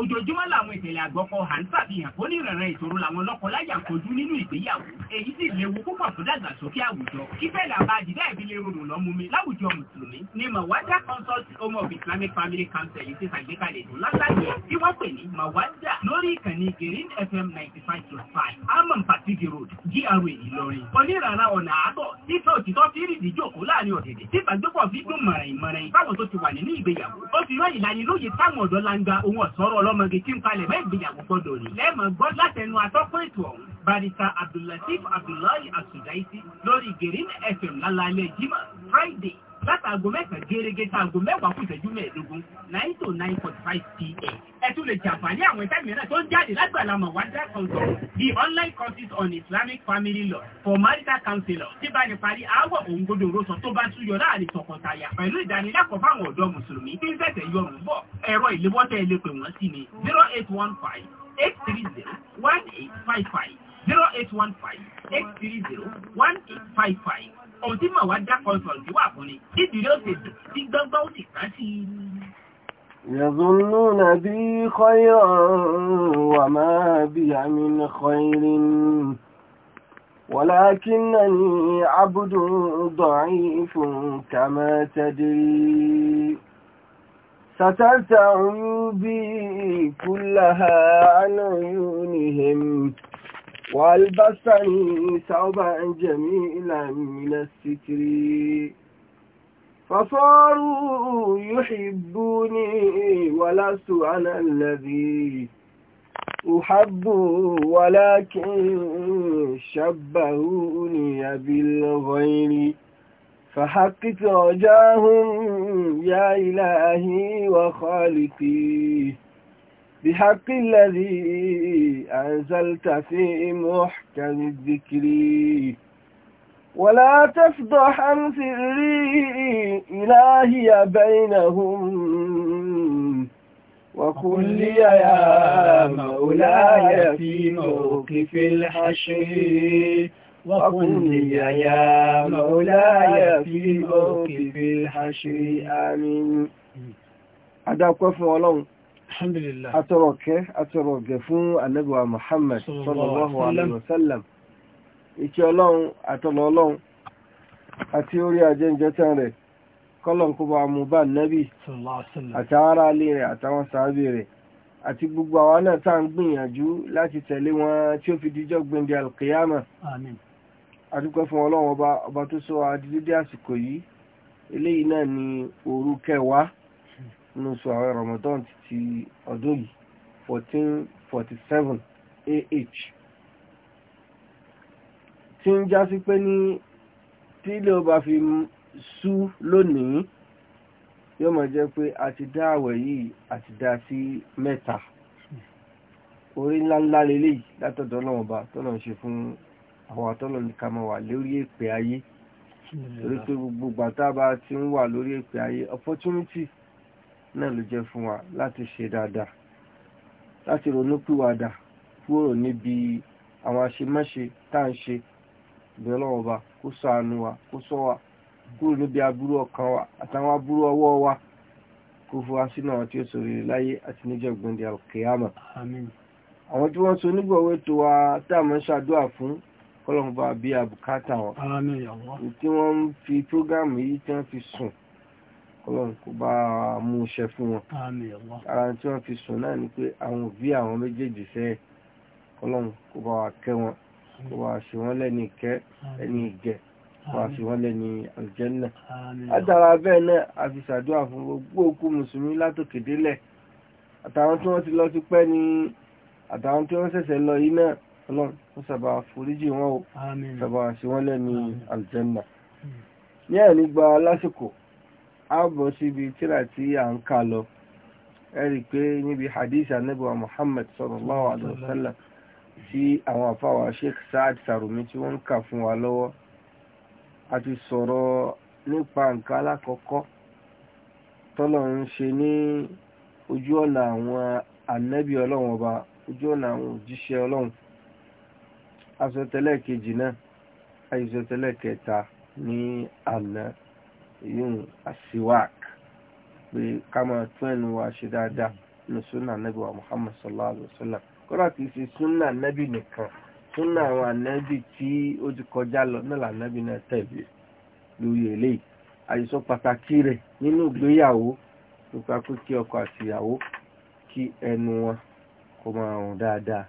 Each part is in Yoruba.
ojoojúmọ́ làwọn ìṣẹ̀lẹ̀ àgbọ̀kọ̀ hàn ṣàfihàn tó ní ìrànràn ìṣòro làwọn lọ́kọláya ń kojú nínú ìgbéyàwó èyí sì léwu púpọ̀ fún dàgbàsókè àwùjọ kí bẹ́ẹ̀ làbá àdìdá ìbílẹ̀ rọrùn lọ mú mi láwùjọ mùsùlùmí ni mawada consult home of islamic family council yìí ti ṣàgbékalẹ̀ ètò lásàgbẹ̀ tí wọ́n pè ní mawada lórí ìkànnì green fm ninety five to five amam patigi road gra ìlọrin onírànràn ọ̀nà àbọ̀ títọ́ òtítọ́ fi rìndì jókòó láàrin ọ̀dẹ̀dẹ̀ tí gbàgbọ́pọ̀ fi dún mọ̀rìn mọ̀rìn báwọn tó ti wà nínú ìgbéyàwó ó fi rán ìlanilóye táwọn ọ̀dọ́ langba ohun ọ̀sọ́rọ̀ ọlọ́mọge tí ń palẹ̀ bẹ́ẹ̀ gbìyàwó gbọ́dọ̀ rí lẹ́mọ̀ gbọ́ látẹnu atọ́kùn ètò ọ̀hún barista abdullatif abdullahi asudaisi lórí gerin fm lálẹ́ jimá friday látàgò mẹ́sàn gẹ́gẹ́ tàgò mẹ́wàá kù ìṣẹ́jú mẹ́ẹ̀ẹ́dógún nine to nine forty five pm. ẹ tún lè jàǹfààní àwọn ẹ̀ka mìíràn tó ń jáde lágbàlá mọ̀wádà council the online courses on islamic family law for marital counselor tí bá ní parí aáwọ̀ òǹgodò rọ̀ṣọ tó bá tún yọ láàrin tọkọtaya pẹ̀lú ìdánilẹ́kọ̀ọ́ fáwọn ọ̀dọ́ mùsùlùmí tí ń fẹ̀sẹ̀ yọrùn bọ̀ ẹ̀rọ ni zero eight one five eight three zero eight one five eight three zero one eight five five ohun tí mà wá já kọnsọ̀ǹtì wà fún ni nídìí ó sì dùn tí gbọ́ngbọ́n ó sì ká sí i. يظنون بي خيرا وما بي من خير ولكنني عبد ضعيف كما تدري سترتع بي كلها عن عيونهم والبسني ثوبا جميلا من الستر فصاروا يحبوني ولست انا الذي أحب ولكن شبهوني بالغير فحقق رجاهم يا إلهي وخالقي بحق الذي أنزلت في محكم الذكر ولا تفضح عن سري إلهي بينهم وقل لي يا مولاي في موقف الحشر وقل لي يا مولاي في موقف الحشر آمين هذا كفر فولون alhamdulillah atọrọ kẹ́ atọrọ ọ̀gẹ̀ fún anẹ́gbà muhammad sallallahu alaihi wasallam ìkẹ́ ọlọ́run àtọ̀lọ̀ ọlọ́run àti orí ajẹ́jẹ́ tán rẹ̀ kọ́lọ̀n kó bá mú bá nẹ́bì àtàwárá alé rẹ̀ àtàwọn sàábì rẹ̀ àti gbogbo àwọn náà tá à ń gbìyànjú láti tẹ̀lé wọn tí ó fi dijọ́ gbendi alkiyama adúpẹ́ fún ọlọ́run ọba tó sọ adídídé àsìkò yìí eléyìí náà ni òru kẹwàá nínú sọ àwọn ramadan ti ọdún yìí 1447 AH tí ń já sí pé ní tí ilé ọba fi sú lónìí yóò máa jẹ́ pé a ti dá àwẹ̀ yìí a ti dá sí mẹ́ta orí ńláńlá lélẹ́yìí látọ̀dọ̀ náà ọba tọ́nà ṣe fún àwọn àtọ́nà nìkan máa wà lórí èpè ayé torí pé gbogbo gbàtà ti ń wà lórí èpè ayé opportunity náà ló jẹ́ fún wa láti ṣe dáadáa láti ronúpìwàdà kúrò níbi àwọn àṣemáṣe tá à ń ṣe ìbẹ̀rẹ̀ ọba kó ṣàánú wa kó ṣọ́ wa kúrò níbi aburú ọkàn wa àtàwọn aburú ọwọ́ wa kó fún wa sínú àwọn tí ó sọ rere láyé àti níjọ́ gbòǹde alkiyama. àwọn tí wọ́n so onígbọ̀wé tó wa tá à máa ṣàdúrà fún kọ́lọ́mùbá bíi àbùkátà wọn. tí wọ́n fi prógáàmù yìí tí wọ́n fi sùn ọlọ́run kò bá mú iṣẹ́ fún wọn ara tí wọ́n fi sùn náà ni pé àwọn òbí àwọn méjèèjì fẹ́ ọlọ́run kò bá wa kẹ́ wọn kò bá wa ṣe wọ́n lẹ́ni ìkẹ́ ẹni ìgẹ̀ kò bá ṣe wọ́n lẹ́ni àlùjẹ́nà látara bẹ́ẹ̀ náà a fi ṣàdúrà fún gbogbo òkú mùsùlùmí látòkè délẹ̀ àtàwọn tí wọ́n ti lọ ti pẹ́ ni àtàwọn tí wọ́n ṣẹ̀ṣẹ̀ lọ yìí náà ọlọ́run ó sábà foríjì wọn ó sábà ṣe wọ́n lẹ́ni àlùjẹ́nà ní ẹ̀ nígbà lásìkò ààbọ̀ síbi tíra tí ti ń nka lọ ẹ̀rì pé níbi hadith anábíwa Muhammad sallallahu alaihi wasallam tí àwọn àfáwà Sheikh Saad Sarumi tí wọ́n ń kà fún wa lọ́wọ́ a ti sọ̀rọ̀ nípa nǹkan alákọ̀ọ́kọ́ tọ́lọ̀ ń ṣe ní ojú àwọn ọba ojú ọ̀nà àwọn òjíṣẹ́ ọlọ́run asọ̀tẹ́lẹ̀ kejì náà kẹta ní àná yóò àṣìwák pé ká máa tún ẹnu wa ṣe dáadáa ní súnà nẹ́bí wa Muhammad sallallahu alayhi wa sallam kọ́lá kìí ṣe súnà nẹ́bí nìkan súnà àwọn ànẹ́bí tí ó ti kọjá lọ náà lànẹ́bí náà tẹ̀lé lórí eléyìí àyíṣọ́ pàtàkì rẹ̀ nínú ìgbéyàwó nípa pé kí ọkọ àti ìyàwó kí ẹnu wọn kó máa rùn dáadáa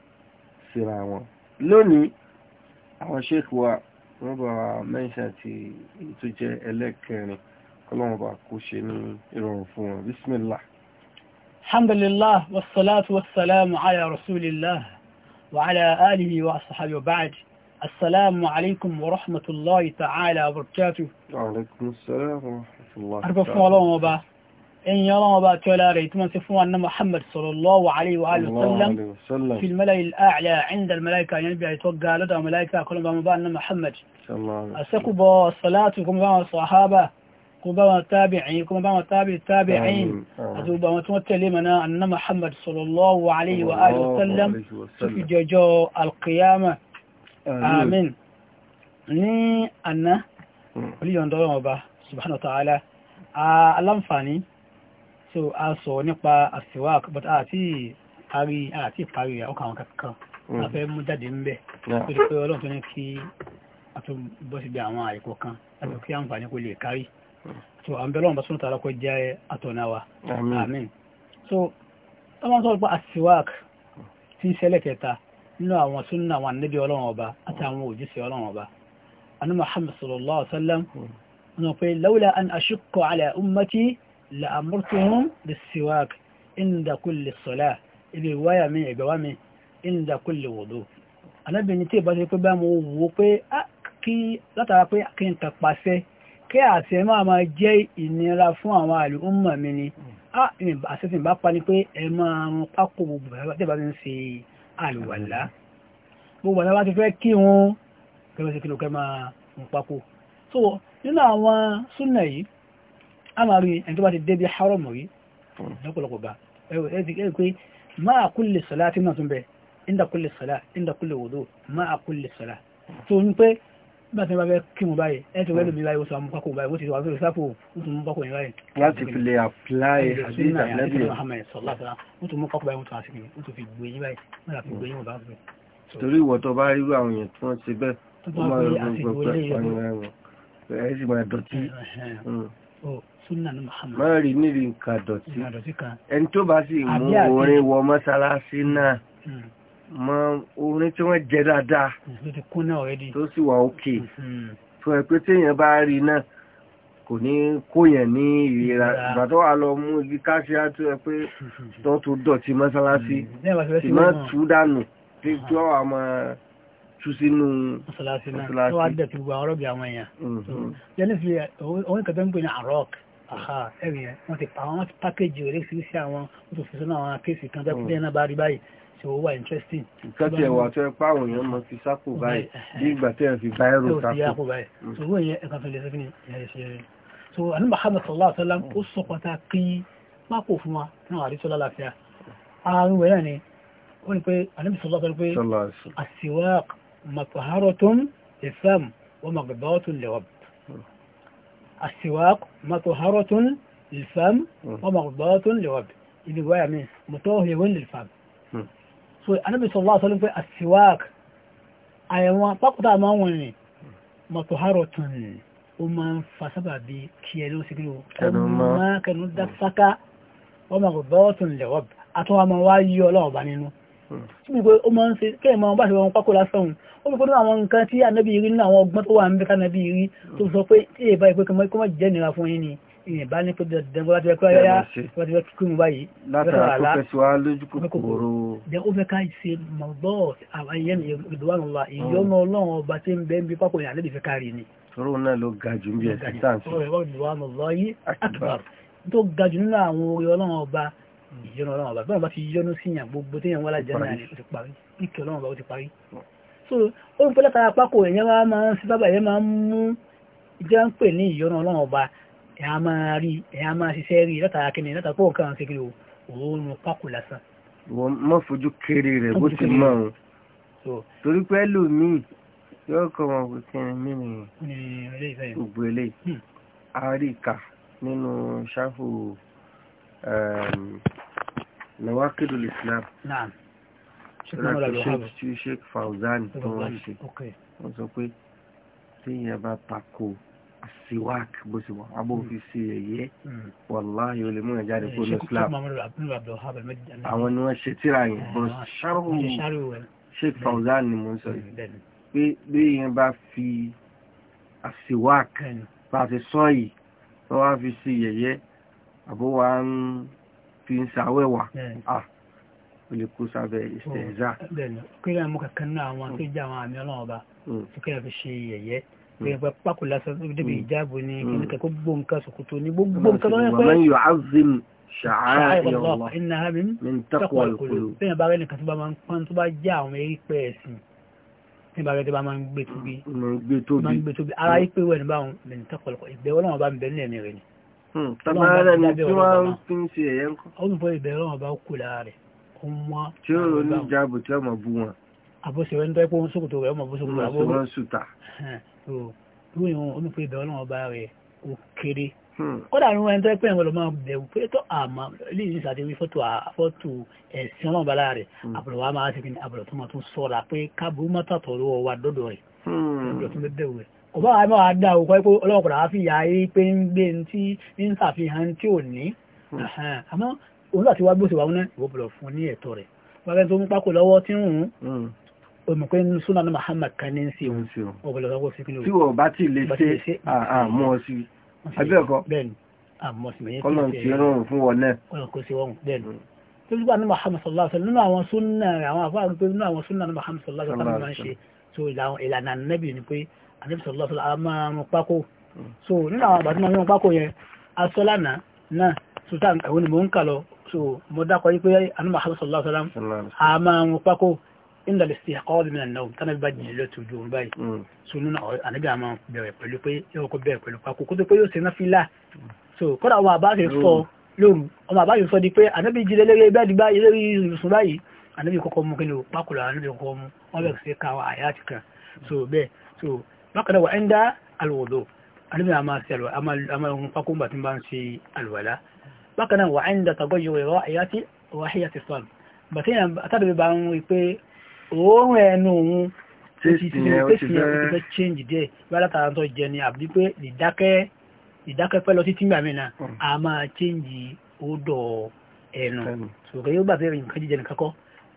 síra wọn lónìí àwọn ṣèkù wa wọ́n bá mẹ́ṣà ti tó jẹ́ ẹlẹ́kẹrin kọ́lọ́wọ́n bá kó ṣe ní ìrọ̀rùn fún wọn bismillah. alhamdulillah wasalaatu wasalaamu ala rasulillah wa ala alihi wa ashabi wa ba'd assalamu alaikum wa rahmatullahi ta'ala wa barakatuh. alaikum assalam wa rahmatullahi ta'ala. arba fún ọlọ́wọ́n إن يرى ما ريتما سفوا أن محمد صلى الله عليه وآله وسلم في الملأ الأعلى عند الملائكة ينبع يعني يتوقع لدى الملائكة كلهم بما أن محمد أسكوا بصلاة كم بأن الصحابة كم بأن التابعين كم بأن التابع التابعين أتوبا متمتلي منا أن محمد صلى الله عليه نعم، آه. وآله وسلم في ججو القيامة آمين ni anna oliyondoro ọba subhanahu wa ta'ala فاني so a sọ nípa asiwak but àti parí àti parí rẹ̀ ọkàn àwọn kankan mm. a fẹ́ mú jáde ń bẹ̀ tó ti pé ọlọ́run tó ní kí a tó bọ́ síbi àwọn àìkò kan àti kí àǹfààní kò lè kárí so àwọn bẹ́ẹ̀ lọ́wọ́n bá súnmọ́ tààrà kó jẹ́ àtọ̀nà wa amen so ọmọ sọ pé asiwak ti ń ṣẹlẹ̀ kẹta nínú àwọn súnà àwọn ànábì ọlọ́run ọba àtàwọn òjíṣẹ́ ọlọ́run ọba anu Muhammad sallallahu alaihi wasallam mm. wọn pe lawla an ashukka ala ummati لأمرتهم بالسواك عند كل صلاة ibi ìwáyà mi ẹ̀gbẹ̀wá mi inda kulli wudu alábìnrin tí ìbáṣe pé bá mo wò pé kí látara pé kí n kà pàṣẹ kí àṣẹ máa máa jẹ́ ìnira fún àwọn àlùmọ̀ mi ni àṣẹ tí bá pa ni pé ẹ máa rún pákó gbogbo tí ìbá ti ń ṣe àlùwàlá gbogbo àlá bá ti fẹ́ kí wọn kí wọ́n ṣe kí ló kẹ́ máa rún so nínú àwọn súnà yìí a máa rí ẹni tó bá ti débi hárọ̀mù rí hmm. lọ́pọ̀lọpọ̀ bá ẹ̀rọ pé máa kulli salati náà tún bẹ inda kulli salati inda kulli wudu máa kulli salati hmm. tó ń pé bá ti bá bẹ kí mo báyìí ẹ ti wẹ́lú hmm. mi báyìí oṣù àmúpákò báyìí oṣù àwọn oṣù sáfò oṣù múpákò yìí báyìí. láti fi lè apply hadith àlẹ́bí oṣù múpákò báyìí oṣù àṣìkò oṣù fi gbé yín báyìí wọ́n fi gbé máa rí nírí nǹkan dọ̀tí ẹni tó bá sì mú orin wọ mọ́sálásí náà hmm. mọ́ orin tí wọ́n jẹ dáadáa hmm, tó sì wà òkè tó hmm, ẹ pé téèyàn bá rí náà kò ní kóyàn ní ìlera ìgbà tó wà lọ mú igi káṣíá tó ẹ pé tó tó dọ̀tí mọ́sálásí ìmọ̀ tú dànù tí wọ́n uh-huh. wà máa tú sínú mọ́sálásí náà tó wá dẹ̀ tó gba ọ̀rọ̀ bí àwọn èèyàn jẹ́ni mm-hmm. fi òun kẹta ń pè ní àrọ́k àhà ẹ̀rìn yẹn wọ́n ti pa wọ́n ti pákéjì oríṣiríṣi àwọn wọ́n àwọn kéèsì kan tó kúlẹ̀ náà bá rí báyìí tí ó wà interesting. ìtọ́jú ẹ̀wà tó ẹ páwọn èèyàn mọ fi sápò báyìí bí ìgbà tó yẹn fi bá ẹ̀rọ sápò báyìí. tó mm. wọ́n yẹn ẹ̀ka fẹ́lẹ́ sẹ́fìn ìyá ìṣe rẹ̀. so àní Muhammad sallallahu alayhi wa sallam ó sọ pàtàkì مطهرة للفم ومقبضة للرب السواق مطهرة للفم ومقبضة للرب إذا قوى من مطهر للفم النبي صلى الله عليه وسلم قال السواك àyẹ̀wọ̀n pápátá máa wọ̀n rìn mọ̀tòhárọ̀ tún ní ó máa ń fa sábà bí kí ẹ ló sígbé o máa kẹnu dá sáká wọ́n síbi pé ó máa ń ṣe kẹ́ ìmọ̀ bá ṣe wọn pákó lásán ó fi kó nínú àwọn nǹkan tí ànábì rí nínú àwọn ọgbọ́n tó wà ń bẹ́ kánábì rí tó sọ pé tí èèbá ìpé kọmọ ikú máa jẹ́ nira fún yín ni ìyẹn bá ní pé dandan bó láti ẹkọ́ ayáyá bó láti ẹkọ́ kúrò báyìí látara tó fẹ́ sọ lójú kòkòrò jẹ́ ó fẹ́ ká ṣe mọ̀gbọ́ àyẹn ìdúwàlùwà ìyọ́nà ọlọ́run ọba tí ń bẹ́ ń bí pákó yẹn ànábì fẹ́ kárí ni. tóró náà ló ga jù bí ìyọnu ọlọ́run ọba bí wọ́n bá ti yọnu sí yàn gbogbo tí yàn wọ́n lájẹ́ náà ó ti parí ìkẹ́ ọlọ́run ọba ó ti parí so ó ń pẹ́lẹ́ tara pákó ẹ̀yẹ́ wa máa ń sí bábà ẹ̀yẹ́ máa ń mú ìjẹ́ ń pè ní ìyọnu ọlọ́run ọba ẹ̀yà máa rí ẹ̀yà máa ṣiṣẹ́ rí látara kíni látara pọ̀ nǹkan ṣe kiri òórùn pákó lásán. wọ́n má fojú kéré rẹ̀ bó ti mọ̀ o torí pé lómìn yóò kọ́ wọn kò kí ni mímu gbogbo eléyìí àríkà hmm. nínú ṣáfù Um, nawakid al-islam ṣe sheik fauzan tó wọ́n ṣe wọ́n sọ pé téèyàn bá tako siwak bó ṣe wà abófin hmm. sí ẹ̀yẹ́ hmm. wàláhì olè mú ẹ̀jáde eh, kó ní islam àwọn ni wọ́n ṣe tíra yẹn bọ́ ṣáró sheik fauzan ni mo ń sọ yìí pé béèyàn bá fi siwak bá fi sọ yìí wọ́n wá fi sí ẹ̀yẹ́ àbó wa ń fi ń sàwẹ́wà ó lè kó sábẹ́ ìṣẹ̀ẹ́zà. kílẹ̀ mú kankan náà àwọn tó jẹ́ àwọn àmì ọlọ́run ọba tó hmm. kílẹ̀ fi ṣe yẹ̀yẹ́ gbẹ̀gbẹ̀ hmm. pákó lásán tó débi hmm. ìjáàbò ni kíníkà kó gbó nǹkan ṣòkòtò ni gbogbo nǹkan lọ́yẹ́ pé. wọ́n yóò azim ṣàárẹ̀ ọ̀la ìnáhà mi ń tẹ́kọ̀ọ́ ìkòlò. bẹ́ẹ̀ bá rẹ̀ nìkan tó bá máa ń pọ́n tó nígbà rẹ̀ bá máa ń gbé tóbi. máa ń gbé tóbi. ara yí pé wẹ́n báwọn lè ń tẹ́kọ̀ọ́ ìgbẹ́wọ́ náà bá ń bẹ ní ẹ̀mí rẹ̀ ni tàbára hmm, ni tí wọ́n fi ń ṣe ẹ̀yẹ́ ńkọ́. ó ń bọ ìbẹ̀rẹ̀ wọn bá kú lára rẹ̀ ó ń wá. tí ó rò ní ìjábò tí ọmọ bú wọn. àbọ̀sẹ̀ rẹ̀ ń tọ́ pé wọ́n sòkòtò rẹ̀ ọmọ bó sòkòtò rẹ̀ wọ́n sùtà. lóyún ó ní pé ìbẹ̀rẹ̀ wọn bá rẹ̀ ó kéré. Hmm. kódà ní wọn tọ́ pé ìwọ̀n lọ bẹ̀rù pé tó àmọ́ léyìí sàdéwí fọ́tò àfọ́tò ẹ̀sìn ọlọ́run rẹ̀ hmm. àbùrọ̀ máa ti fi àbùrọ̀ tó máa tún sọ̀ra pé káàbù mọ́tàtọ̀ lọ́wọ́ wa dọ́dọ̀ rẹ̀ àbùrọ̀ tó lè bẹ̀rù rẹ̀ ọba àmọ́ àdá òkọ́ ipò ọlọ́pàá àfíyà pé ń gbé tí ń sàfihàn tí ò ní hmm. àmọ́ òun àti wá gbóṣe wà wọn ìwọ́pọ̀lọ̀ fún ní ẹ̀tọ́ rẹ̀ wọ́n tó ń pákó lọ́wọ́ tí ń rùn òmùpé ń súnà ní Muhammad kan ní sí òun ọ̀pọ̀lọ̀ lọ́wọ́ sí kílò tí wọ́n bá ti lè ṣe àmọ́ sí abẹ́ẹ̀kọ́ kọ́lọ̀ ti rọrùn fún wọn náà kọ́lọ̀ kó sí wọn bẹ́ẹ̀ hmm. Muhammad sallallahu alaihi wasallam nínú àwọn Muhammad sallallahu alaihi wasallam máa ń ṣe so ìlànà nẹ́bì ni pé àdébìsọ̀lọ́ fún àwọn máa rún pákó so nínú àwọn àbàtí máa rún pákó yẹn aṣọ lánàá náà sultan ẹ̀wọ́n ni mò ń kà lọ so mo dákọ̀ yí pé anúmọ̀ àbẹ̀sọ̀lọ́ fún àwọn máa rún pákó inda lè ṣe àkọ́ ọ̀dọ̀ mìíràn náà tánà bá jìnlẹ̀ lọ́tù ojú oorun báyìí mm. so nínú ànábì àmọ́ bẹ̀rẹ̀ pẹ̀lú pé yóò kó bẹ̀rẹ̀ pẹ̀lú pákó kó tó pé yóò ṣe náfìlà so kódà àwọn àbá ṣe sọ lóru ọmọ àbá yóò sọ di pé ànábì jí lélẹ́rẹ́ bẹ́ẹ̀ dìgbà lórí ìrùsùn báyìí ànábì kọ́kọ́ mú kí ni pákó lọ ànábì kọ́kọ́ mú wọ́n àti kan bákanáà wà ẹ́ndá alwòdó alúmi a máa ṣe àmàlùkún fákúnbà tí bá ń ṣe alwàlá bákanáà wà ẹ́ndá tagọ́yọ̀ rẹ̀ wáyá tí wáyá ti sọ́n bàtí àtàdàbí bá ń rí pé òórùn ẹnu òun ti ti ti fẹ́ change díẹ̀ bá látara tó jẹ ni àbí pé ìdákẹ́ pẹ́ lọ sí tìǹbà mi náà a máa change odò ẹnu ṣùgbọ́n yóò gbàgbé nǹkan jíjẹ nìkan kọ́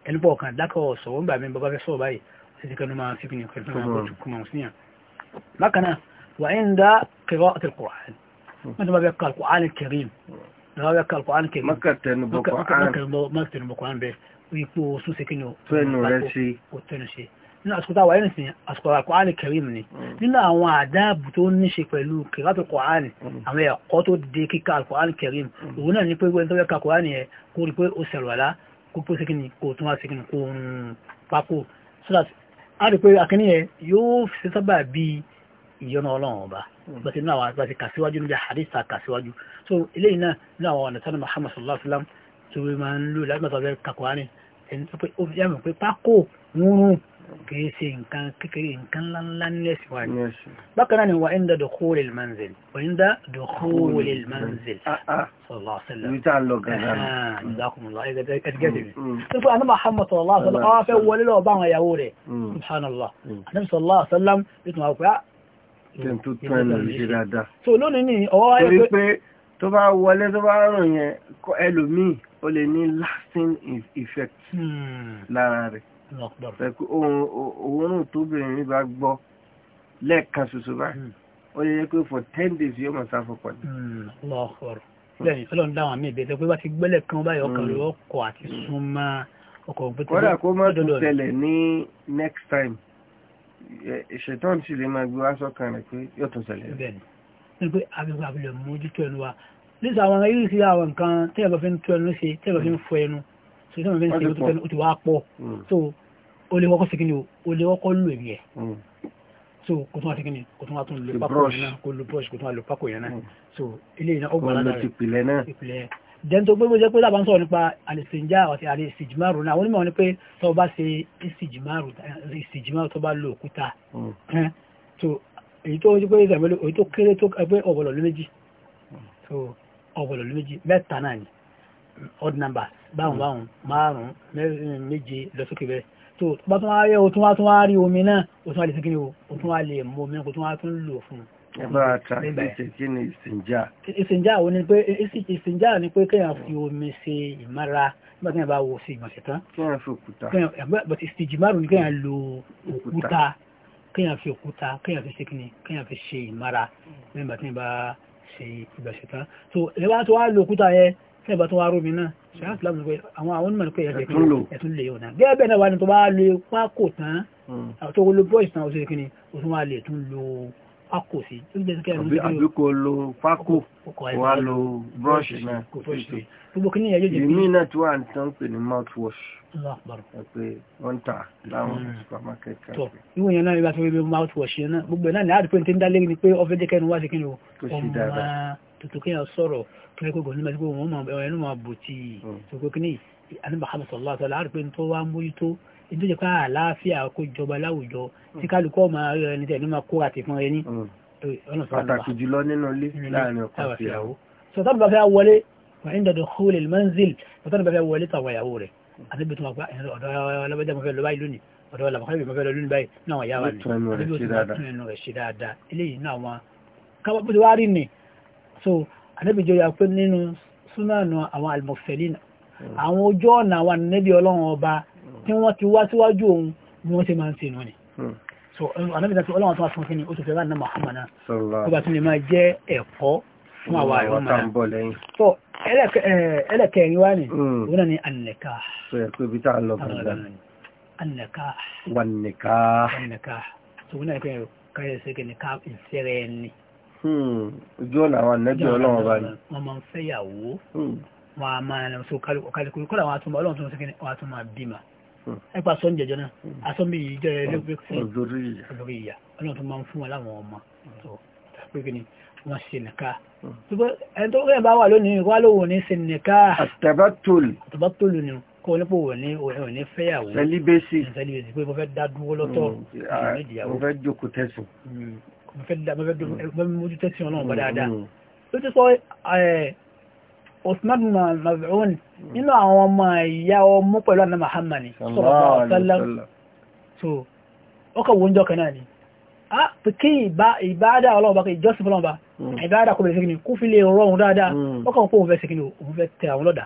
ẹnu pọ̀ kan dákọ̀ sọ̀rọ̀ ń bà mí bàbá fẹ́ sọ̀rọ̀ báyìí títí kan ló máa fi kìnnìkan fún àwọn ọkọ̀ tó kọ́ mọ̀ sí yàn bákanáà wà ń dá qira'at al-Qur'an wọ́n الكريم، bá bẹ́ ka الكريم quran al-Karim tó bá bẹ́ ka al-Qur'an al-Karim mọ́kàtẹ̀nù Qur'an bẹ́ ipò sún sí kíni o tẹ́nu ṣe nínú àsìkò táwà yẹn nìsìn àsìkò al-Qur'an al-Karim ni nínú àwọn àdáàbù tó ní ṣe pẹ̀lú qira'at al-Qur'an àwọn ẹ̀kọ́ tó dé kíkà al-Qur'an òun náà ní pé wọ́n tó bẹ́ ka Qur'an yẹn kó rí pé ó sẹ̀rọ̀ àlá kó pé sí kíni kó tún wá sí kíni kó ń pákó so that a rí pé akíní yẹn yóò fi sábà bí ìyọnu ọlọ́run ọba hmm. bá ti ní àwọn àti kàṣíwájú níbi àdìsá kàṣíwájú so eléyìí náà ní àwọn ọ̀nà tánà Muhammad sallallahu alaihi wasallam tó máa ń lò láti máa sọ fẹ́ kakọ́ kìí ṣe nǹkan kékeré nǹkan ńláńlá nílẹ̀sì wà ní bákan náà ni wà ń da dùkúrò ilmanzil wà ń da dùkúrò ilmanzil sọ̀lọ́sẹ̀lẹ̀ tó bá wọlé tó bá rùn yẹn ẹlòmíì ó lè ní lasting e-, effect hmm. lára rẹ̀ pẹ̀kú òórùn tóbìnrin ní bá gbọ́ lẹ́ẹ̀kan ṣoṣo báyìí hmm. ó yẹ pé for ten days yóò mọ̀ sáfọ̀ pọ̀ ní. Hmm, bẹ́ẹ̀ni ọlọ́run dáwọn àmì ìbẹ̀tẹ̀ pé bá ti gbẹ́lẹ̀ kan báyìí ọkàn rẹ̀ ọkọ̀ hmm. àti súnmọ́ ọkọ̀ ògbẹ́tẹ̀ kódà kó má tún ṣẹlẹ̀ ní next time ìṣẹ̀tàn sì lè máa gbé wá sọ́kàn rẹ̀ pé yóò tún ṣẹlẹ̀. bẹ́ẹ̀ni wípé abẹ́gbẹ́ àbílẹ̀ mójútó ẹnu wa nígbà àwọn irú sí àwọn nǹkan tí ẹ̀bọ̀ fi ń tó ẹnu ṣe tí ẹ̀bọ̀ fi ń so ìdáwọn mẹ́rin ṣe ó ti wá pọ̀ hmm. so o lè ni o lè wọ́kọ́ lò èmi hmm. ẹ̀ so kò tún wá síkí ni kò tún wá tún lò pákó yẹn náà kò lò brush kò tún wá lò pákó yẹn náà hmm. so ilé ìná ọgbà ládàá rẹ̀ ìpìlẹ̀ náà ìpìlẹ̀ jẹun tó gbégbé jẹ́ pé lábàá ń sọ̀rọ̀ nípa àlèsìnjá àti àlèsìjìmáàrù náà wọ́n ní mọ̀ ní pé tó bá ṣe ìsìjìmáàrù tó bá lo so èyí tó ń pé ìsàmẹ́lò èyí tó kéré tó ẹgbẹ́ so ọ̀bọ̀lọ̀ lóméjì mẹ́ta odd number báwọn hmm. báwọn márùn-ún méje lọ́sókè bẹ́ẹ̀ tó bá tún wá rí o tún wá tún wá rí omi náà o tún wá lè sí kí ni o o tún wá lè mú omi kò tún wá tún lò fún un. ẹgbẹ́ ata ìgbésẹ̀ kí ni ìsìnjá. ìsìnjá ò ní pé ìsìnjá ni pé kéèyàn fi omi ṣe ìmára nígbà téèyàn bá wo sí ìgbọ̀nsẹ̀ tán. kéèyàn fi òkúta. bàtí fi òkúta kí ni kéèyàn fi ṣe ìmára nígbà téèyàn bá ṣe ìgbọ̀nsẹ̀ so ìrẹ́wà tó wá lo fẹ́ bá tó wá rómi náà ṣáà islam ní pé àwọn àwọn onímọ̀ pé ẹ̀jẹ̀ kan ẹ̀tún lè ọ̀nà gẹ́gẹ́ bẹ́ẹ̀ náà wá ní tó bá lo pákó tán hmm. àwọn tó lo bọ́ọ̀sì tán oṣù kìíní o tún wá lè tún lo pákó sí i. àbí kò lo pákó wá lo bọ́ọ̀sì náà gbogbo kìíní ẹ̀jẹ̀ jẹ̀bi. èmi mouthwash pé wọ́n tà láwọn hmm. supermarket kan. tọ ìwọ̀n yẹn náà ìgbà tó fi gbogbo ẹ̀ ní àdìpé tuntun kí n sọ̀rọ̀ kí n kó gòmìnà mẹ́sìkò wọn mọ̀ ẹnu máa bù tí tuntun kí ní anábà hamasọ̀lá sọ̀lá àrùpé tó wá mójútó ètò ìjọba àlàáfíà kó jọba láwùjọ hmm. tí kálukọ́ máa ẹni tẹ̀ ní máa kó àti fún ẹni. Hmm. pàtàkì jùlọ nínú ilé hmm. láàrin ọkọ àti ìyàwó. sọ̀tàn bá fẹ́ wọlé wà ní dandan kó lè manzil sọ̀tàn bá fẹ́ wọlé tàwọn ìyàwó rẹ̀ àti bí tó máa gbá ọ̀dọ́ ọlọ́bàjá mo fẹ́ lọ báyìí lónìí ọ̀dọ́ ọlọ́bàjá mo fẹ́ lọ lónìí báyìí so ànábì jọ yà pé nínú súnánù àwọn almọ̀fẹ́lìn hmm. àwọn ojú ọ̀nà àwọn ànábì ọlọ́run ọba tí wọ́n ti wá síwájú òun ni wọ́n ti máa ń ṣe nù ni hmm. so ànábì jọ ọlọ́run tó wá fún kíni ó ti fẹ́ bá nàmà hàmàna ó bá tún lè máa jẹ́ ẹ̀kọ́ fún àwa àyọ̀ hmm, mọ́ra so ẹlẹ́kẹ̀ẹ́rin wá ni òun náà ni ànẹ̀ká النكاح والنكاح والنكاح سوينا كده كده سكن نكاح السرني Hmm, ojú ọ̀nà àwọn ànẹ́bí ọlọ́run bá ní. wọ́n máa ń fẹ́yàwó hmm. wọ́n á máa lọ sí kálukú kọ́lá wọn àtúmọ̀ ọlọ́run tó ń sẹ́kẹ́ wọn àtúmọ̀ bímọ. Hmm. ẹ̀pà sọ́n jẹjọ náà asọ́n bí yìí jẹ́ lórí ìyá ọlọ́run tó máa ń fún wọn láwọn ni wọ́n ṣe nìka. ẹni tó ní ṣe ni kò ní pò wò ní òun ní fẹ́yàwó sẹ́líbẹ́sì pé mo fẹ́ dá dúró lọ́tọ̀ ah, mo fẹ́ jókòó tẹ̀sùn mọ́fẹ́ tẹ́sí hmm. ọlọ́run bá hmm, dáadáa ló hmm. ti sọ Osman Maz'un nínú àwọn ọmọ ìyá ọmọ pẹ̀lú àná Muhammad so ọkọ̀ wo ń jọ kanáà ni a ah, kí ìbáadà ọlọ́run bá kí ìjọsìn fọlọ́run bá ìbáadà kò bẹ̀rẹ̀ sí kí ni kú fi lè rọrùn dáadáa ọkọ̀ òun fẹ́ sí kí ni òun fẹ́ tẹ àwọn lọ́dà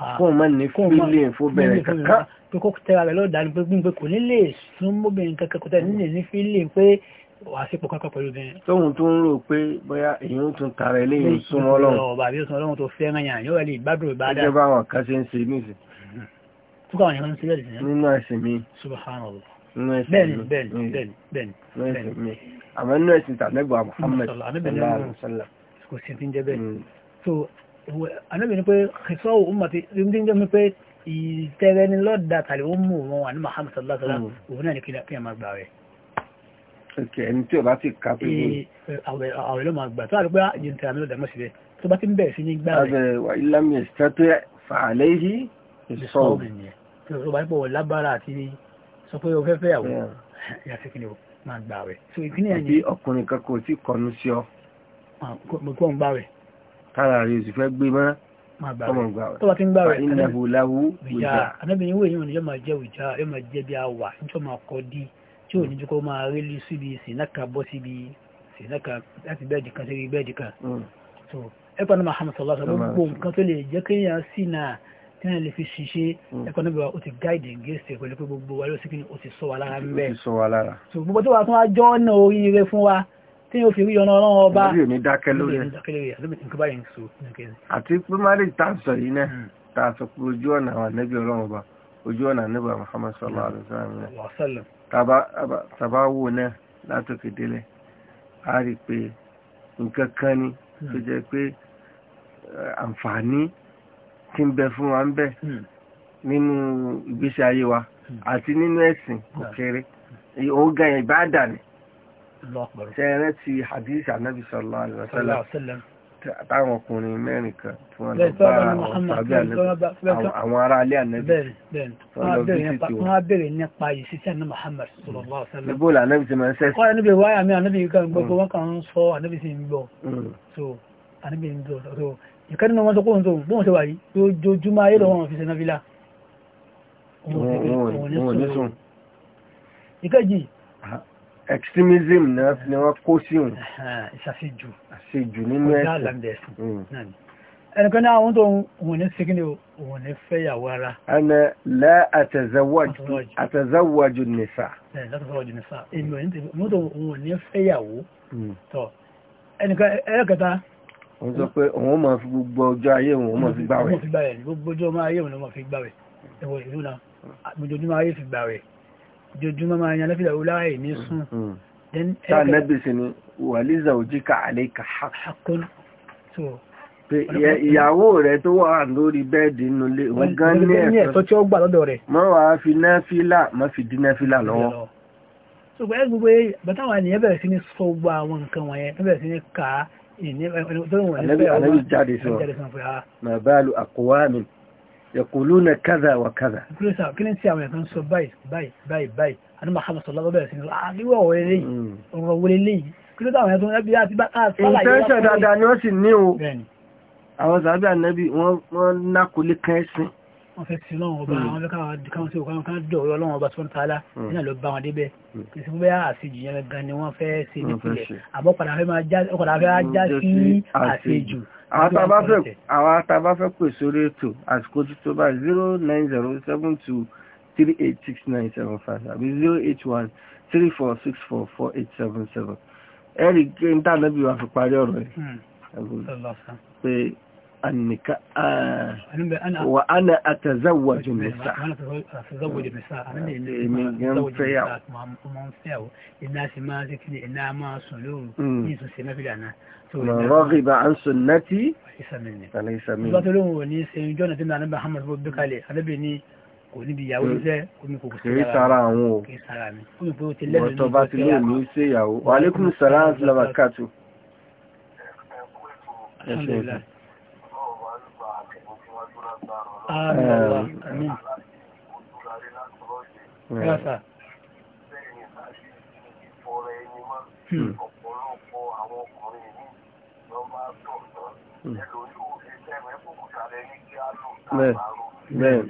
ah, fún ma ní fílẹ̀ fún bẹ̀rẹ̀ kankan. pé kó tẹ́ra rẹ̀ lọ́dà ní pé kò ní lè sún mọ́bìnrin kankan kò tẹ́ nílé ní fílẹ̀ pé wàásìpò kankan pẹ̀lú obìnrin. tóun tó ń rò pé bóyá èyàn tún tara eléyìí súnmọ́ lọ́wọ́. bàbá yóò súnmọ́ lọ́wọ́ tó fẹ́ràn yàn yóò wẹ̀lẹ̀ ìgbádùn ìbádà. ìjọba àwọn kan ṣe ń ṣe níìsín. túkọ̀ àwọn èèyàn ń ṣe bẹ́ẹ̀ nínú ẹ̀sìn mi. nínú ẹ̀sìn mi bẹ́ẹ̀ni bẹ́ẹ̀ni bẹ́ẹ̀ni bẹ́ẹ̀ni. Muhammad kò sí ti ń jẹ́ bẹ́ẹ̀. Hmm. so anábì ni pé kìsọ́ ọmọ ti ń jẹ́ mi pé ìtẹ́rẹ́ni lọ́dà tàbí ó mú òun wà ní Muhammad sallallahu alaihi wa sallam hmm. òun náà ni kí n máa gbà rẹ̀. Okay, ẹni tí o bá ti ka pé. Àwẹ̀ ló máa gbà tó àdúgbò yìí tẹ̀lé àmì ọ̀dàmọ̀ síbẹ̀ tó bá ti ń bẹ̀rẹ̀ sí ní gbà rẹ̀. Abẹ́ wà ìlàmì ẹ̀sítá tó fà á léyìí ìsọ̀rọ̀. Tó bá pọ̀ lágbára àti sọ pé o fẹ́ fẹ́ yàwó yàtí kí ni o máa gbà rẹ̀. Àbí ọkùnrin kan kò tí kọnu sí kọ́ ń tí ò ní jù kó máa rí lú síbi sìnáka bọ́ síbi sìnáka láti bẹ́ẹ̀dì kan sí bẹ́ẹ̀dì kan hmm. so ẹ̀kọ́ náà Muhammad sallallahu alaihi wasallam gbogbo hmm. nǹkan tó lè jẹ́ kéèyàn sí náà tí wọ́n lè fi ṣiṣẹ́ hmm. ẹ̀kọ́ níbi wa ó ti gáìdì gẹ́ẹ̀sì pẹ̀lú pé gbogbo wa ló sì kíni ó ti sọ wa lára ń bẹ́ẹ̀ sọ wa lára so gbogbo tó wà tún wá jọ́ ọ̀nà oríire fún wa tí yóò fi rí ọ̀nà ọlọ́run ọba orí òní dákẹ́ lórí ẹ̀ àti pé má lè tá sọ yìí náà tá a sọ pé ojú ọ̀nà àwọn ànábì ọlọ́run ọba ojú ọ̀nà ànábì Muhammad sallallahu alaihi wasallam tàbá wò náà látòkè délẹ̀ a rí pé nǹkan kan ni tó jẹ́ pé eh, àǹfààní tí ń bẹ fún wa ń bẹ hmm. nínú ìgbésí ayé wa hmm. àti nínú ẹ̀sìn kò hmm. kéré oògùn ìbáàdà ni ṣe rántí hadith anabi sallallahu alaihi wasallam táwọn ọkùnrin mẹ́rin kan tí wọ́n lọ bá àwọn tàbí àwọn ará alẹ́ ànẹ́bí wọ́n bèèrè nípa ìṣiṣẹ́ àná Muhammad sallallahu alaihi wasallam níbo lànẹ́bí ti máa ń sẹ́sì kọ́ ẹni bí wáyà mi ànẹ́bí kan gbogbo hmm. wọn kàn ń sọ ànẹ́bí sì ń gbọ́ hmm. so ànẹ́bí ń gbọ́ so ìkẹ́ nínú wọn sọ pé bóun ṣe wà yìí lójoojúmọ́ ayé lọ́wọ́ wọn fi ṣe náfìlà òun ò ní sùn ìkẹ́jì extremism náà ni wọ́n kó sí òun. ìṣàṣejù. àṣejù nínú ẹ̀sìn. ọjà àlàndà ẹ̀sìn hmm. náà ni. ẹnìkan náà àwọn tó òun ní sí kíni òun ní fẹ́ yàwó ara. ẹnì lẹ́ àtẹ̀zẹ́wọ́jú nìsà. ẹ̀ látọ̀zẹ́wọ́jú nìsà èmi ò ní tẹ̀lé òun tó òun ní fẹ́ yàwó. Hmm. tọ́ ẹnìkan wọ́n sọ pé òun máa fi gbogbo ọjọ́ ayé òun máa fi gbàwẹ̀. gbogbo ọjọ́ ayé òun máa fi gbàwẹ̀ ẹ̀wọ̀ ìlú náà gbogbo ọjọ́ ayé fi gbàwẹ̀ jojúmọ́ máa yan lẹ́fìlà oláyè ní sùn. tá nẹ́bì sí ni wàlíza òjì ká àlẹ́ ká hakun. ìyàwó rẹ̀ tó wà lórí bẹ́ẹ̀dì nínú ilé wọn mm, gan ní ẹ̀tọ́ tí ó gbà lọ́dọ̀ rẹ̀. mọ́ wàá fi nẹ́fìlà mọ́ fi dín nẹ́fìlà lọ́wọ́. ṣùgbọ́n ẹ gbogbo bàtàwọn ènìyàn bẹ̀rẹ̀ sí ni sọ gbogbo àwọn nǹkan wọ̀nyẹn bẹ̀rẹ̀ sí ni kà á. àlẹ́ bí jáde sọ màbá lu àkọwá mi yaquluna kaza wa kaza. Kúrẹ́sà kí ní tí àwọn ẹ̀kan sọ báyìí báyìí báyìí báyìí àti Muhammad sallallahu alaihi wasallam àríwọ̀ ah, wọlé lẹ́yìn hmm. ọ̀rọ̀ wọlé lẹ́yìn kí ló dáwọn ẹ̀kan ẹbí àti bá káàkiri. Ìtẹ́ṣẹ̀ dáadáa ni wọ́n sì ní o. Àwọn sàbí ànábì wọ́n nákòlé kan wọ́n fẹ́ sin lọ́wọ́ ọba hmm. wọ́n fẹ́ káwọn sí òkú kan dọ̀ ọ̀rọ̀ lọ́wọ́ ọba tó ń tala nínú ló bá wọn débẹ̀ hmm. kì í sí bóyá àṣejù yẹn gan ni wọ́n fẹ́ ṣe nípìnlẹ̀ àmọ́ padà fẹ́ máa já hmm. sí àṣejù. àwọn atábá fẹ́ pè sórí ètò àsìkò tuntun bá zero nine zero seven two three eight six nine seven five àbí zero eight one three four six four four eight seven seven ẹ̀rì kí n tà náà bí wàá fi parí ọ̀rọ̀ yìí. النكاح وانا اتزوج النساء انا اتزوج النساء انا اتزوج النساء الناس ما ذكري الا ما سلوم يسوس ما في لنا من رغب عن سنتي فليس مني فليس مني سيجون تنا انا محمد ربك عليه انا بني kò níbi ìyàwó iṣẹ́ omi kò kò sára àwọn o kì í sára mi omi kò ti lẹ́nu ní ọjọ́ tí ó ní ṣe ìyàwó wa alaikum salaam wa rahmatullahi Àmín. Gbàsà. Ọ̀pọ̀lọpọ̀ àwọn ọkùnrin ní lọ máa tọ̀ tọ́. Ẹlòmí ò fi tẹ́mẹ́ fòkú sàrẹ́ ní kí á lò tààrà. Ẹlòmí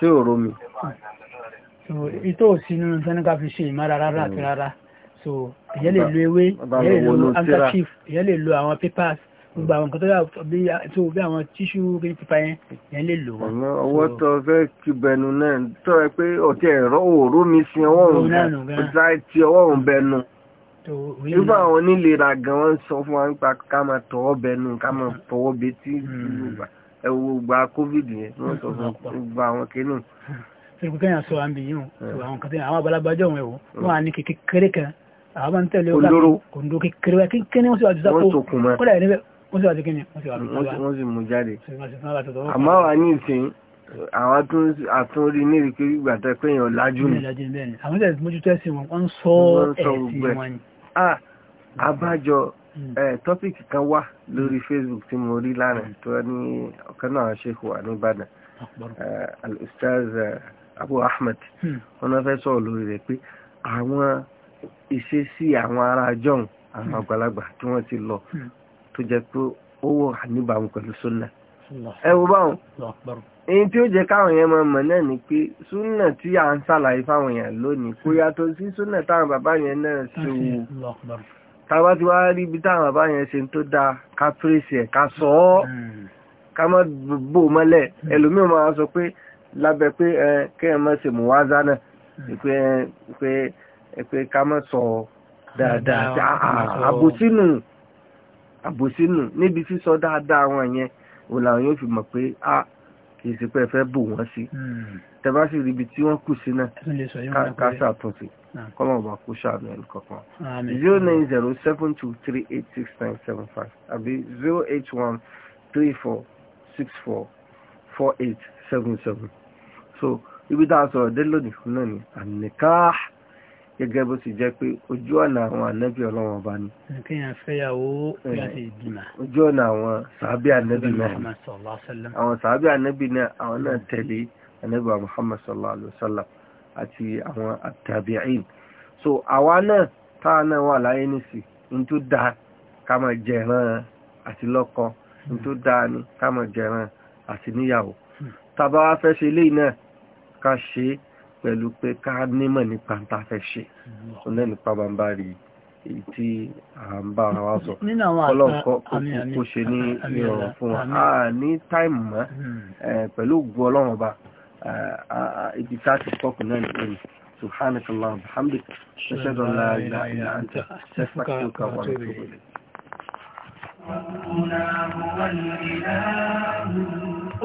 Tí ò romi ìtò sínú tẹ́nìká fi ṣe ìmára hmm. rárá àti rárá èyàn lè lo ewé èyàn lè lo handkerchief èyàn lè lo àwọn papers gbogbo àwọn nǹkan tó yà tó bí àwọn tíṣù rí pípa yẹn yẹn lè lò wọn. ọwọ́ tó fẹ́ kí bẹnu náà tó ẹ pé ọ̀tí ẹ̀rọ òóró mi sí ọwọ́ òun bẹ́ẹ̀ ọ̀tá ti ọwọ́ òun bẹnu. nígbà àwọn onílera gan wọn sọ fún wa nípa ká máa tọwọ́ bẹnu ká máa mm. fọwọ́ betí mm. ẹ gba covid yẹn wọ́n sọ fún mm. gbogbo àwọn kìnnìún. ṣé kò kẹ́yìn àṣọ àmì yìí o àwọn kan tẹ́yìn àwọn àgbàlagbà jọ̀wọ́ ẹ̀ wò wọ́n ní kékeré kan àwọn máa ń tẹ̀lé ọ̀gá kòndó kékeré wá kékeré wọ́n sì wá jù sápò kódà ẹ̀ níbẹ̀ wọ́n sì wá ni. àwọn tẹ̀lé mójútó ẹ̀sìn wọn wọ́n ń sọ ẹ̀sìn wọn ni. àbájọ hmm. tọ́pìkì kan Facebook tí mo rí lánàá hmm. tó ní ọ̀kan náà ustaz Abu Ahmed hmm. wọn náà fẹ́ sọ̀rọ̀ lórí ìṣesí àwọn ará jọ̀hún àwọn hmm. àgbàlagbà tí wọ́n ti lọ hmm. tó jẹ́ pé owó àníbàmù pẹ̀lú súnà ẹ wo báwọn èyí tí ó jẹ́ káwọn yẹn máa mọ̀ náà ni pé súnà tí à ń ṣàlàyé fáwọn yẹn lónìí kò hmm. yàtọ̀ sí súnà táwọn bàbá yẹn náà ṣe wò tábà tí wàá rí ibi táwọn bàbá yẹn ṣe tó dáa ká pèsè ẹ̀ ká sọ ọ́ ká má bò mọ́lẹ̀ ẹlòmíràn máa sọ pé lábẹ́ pé ẹ kẹ́hìn má ṣe mùwázá náà pé pé ká má sọ dáadáa sí àbòsínú àbòsínú níbi sísọ dáadáa wọn yẹn òun làwọn yóò fi mọ̀ pé a kì í ṣe pé ẹ fẹ́ bò wọ́n sí hmm. tẹ́bá sì ríbi tí wọ́n kù sí náà ká ṣàtúnṣe kọ́mọ̀ bá kó ṣàánú ẹnì kankan zero nine zero seven two three eight six nine seven five àbí zero eight one three four six four four eight seven seven so ibi tá a sọ̀rọ̀ dé lónìí fún náà ni àníkáà gẹ́gẹ́ bó ti jẹ́ pé ojú ọ̀nà àwọn ànábì ọlọ́wọ́n ọba ni. kéèyàn fẹ́yàwó kéèyàn sì bímọ. ojú ọ̀nà àwọn sàábì ànábì náà àwọn sàábì ànábì náà àwọn náà tẹ̀lé ànábì wa muhammad sallallahu alayhi sallam àti àwọn àtàbíyìn. so àwa náà táwa náà wà láyé nìsí ní tó dáa ká máa jẹran àti lọ́kọ ní tó dáa ni ká máa jẹran àti níyàwó. Hmm. tá a fẹ́ ṣe eléyìí náà ká ṣe é pẹ̀lú pé ká nímọ̀ nípa tá a fẹ́ ṣe tó náà nípa bàbá rí èyí tí à ń bá ara wa sọ ọlọ́nkọ́ kó ṣe ní ìrọ̀rùn fún wa a ní táìmù mọ́ mm-hmm. eh, pẹ̀lú ògùn ọlọ́run ọba eh, ibi tá a ti tọ́kù náà nìyẹn سبحانك اللهم وبحمدك اشهد ان لا اله الا انت استغفرك واتوب اليك ربنا هو